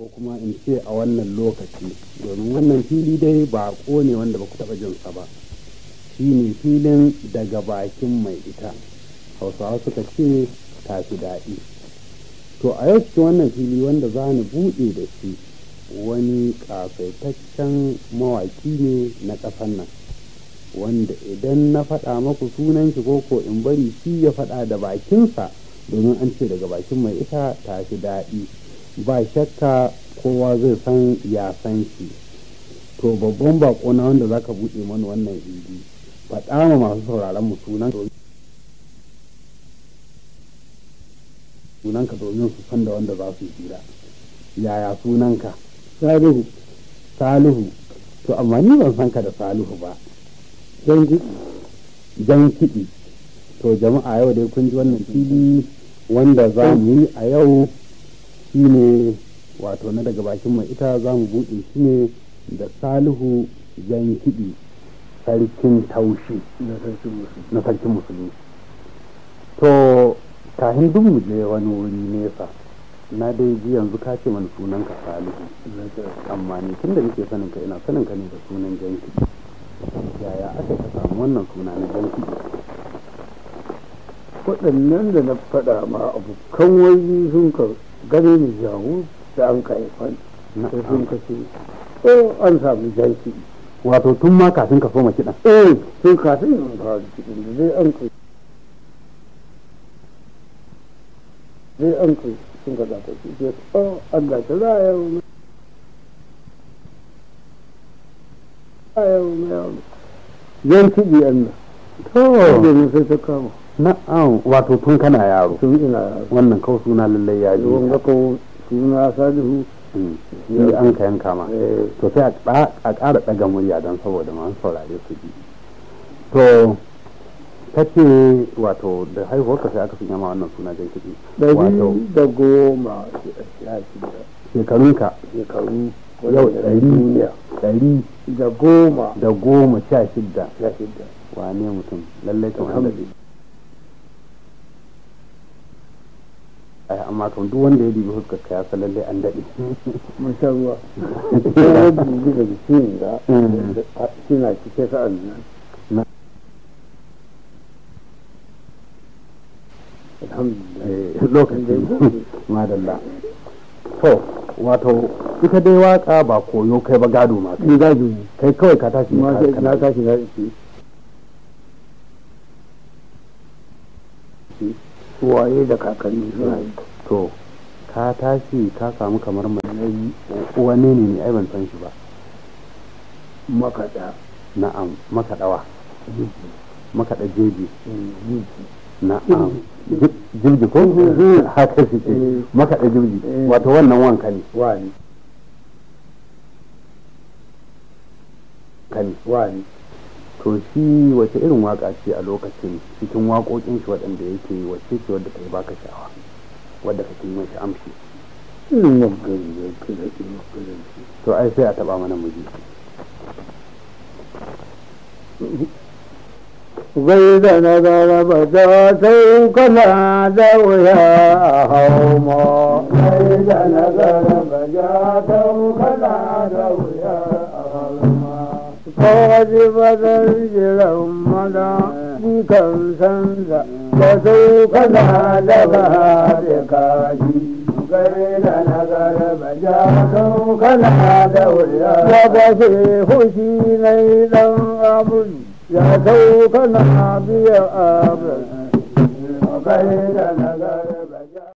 ko kuma in ce a wannan lokaci domin wannan fili dai ba kone wanda ba ku taɓa jinsa ba shi ne filin daga bakin mai ita hausawa suka ce tafi daɗi to a yau cikin wannan fili wanda za ni buɗe da shi wani ƙasaitaccen mawaki ne na ƙasan nan wanda idan na faɗa maku sunan shi ko ko in bari shi ya faɗa da bakinsa domin an ce daga bakin mai ita ta fi daɗi ba shakka kowa zai san ya san shi to babban bako na wanda za ka buɗe mana wannan hindi faɗa ma masu sauraron mu sunan sunanka domin su san da wanda za su hira yaya sunanka salihu salihu to amma ni ban san ka da salihu ba jan kiɗi to jama'a yau dai kun ji wannan fili wanda za mu yi a yau shi ne wato na daga bakin mai ita za mu buɗe shi ne da salihu yankiɗi sarkin Taushe. na sarkin musulmi to kahin duk mu je wani wuri nesa na dai ji yanzu ka ce mana sunan ka salihu amma ne tun da nake sanin ka ina sanin ka ne da sunan janki yaya aka ka samu wannan suna na waɗannan da na faɗa ma kan wani sun ka gane ni jawo da an ka haifan sai sun ka ce eh an samu jaki wato tun ma kafin ka fama kiɗan eh tun kafin an ka kiɗan da zai an ka zai an ka sun ka zata shi ke oh an da ta za a yau na a yau yi yau yan kiɗi an na to yanzu sai ta kama na'am wato tun kana yaro tun ina yaro wannan kawo suna lallai ya ji wanda ko suna salihu mm, shi an ka yanka ma eh. to sai a ƙara ɗaga murya don saboda masu saurare su ji to ta ce wato da haihuwarka sai aka sanya ma wannan suna jan kiɗi ɗari da goma shekarunka shekaru yau ɗari ɗari da goma da goma sha shidda wane mutum lallai ta wani amma kan duk wanda ya dubi huskar ka ya san lalle an daɗe mun sha ruwa da. dubi daga cikin da suna cike sa'an nan alhamdulillah eh, lokacin madalla to wato ita dai waka ba koyo kai ba gado ma kai gado ne kai kawai ka tashi na tashi na ce waye da kakanni suna yi to ka tashi ka samu kamar mai wani ne ai ban san shi ba makaɗa na'am makadawa makaɗa jeji na'am jirgi ko haka shi ce makada jirgi wato wannan wanka ne wani kani wani to shi wace irin waka ce a lokacin cikin waƙoƙin shi waɗanda yake wace ce wadda ta yi baka sha'awa ودفت kake أمشي shi amshi to ai sai a taba mana muji بين نظرب ذاتي كلا ذويا هوما بين نظرب ذاتي كلا ذويا fawajibatar jiran mana dukan sanza da su kana da ba da kaji gare da nagar baja sun kana da wuya ba shi hushi na dan abun ya sau kana biya abin gare da nagar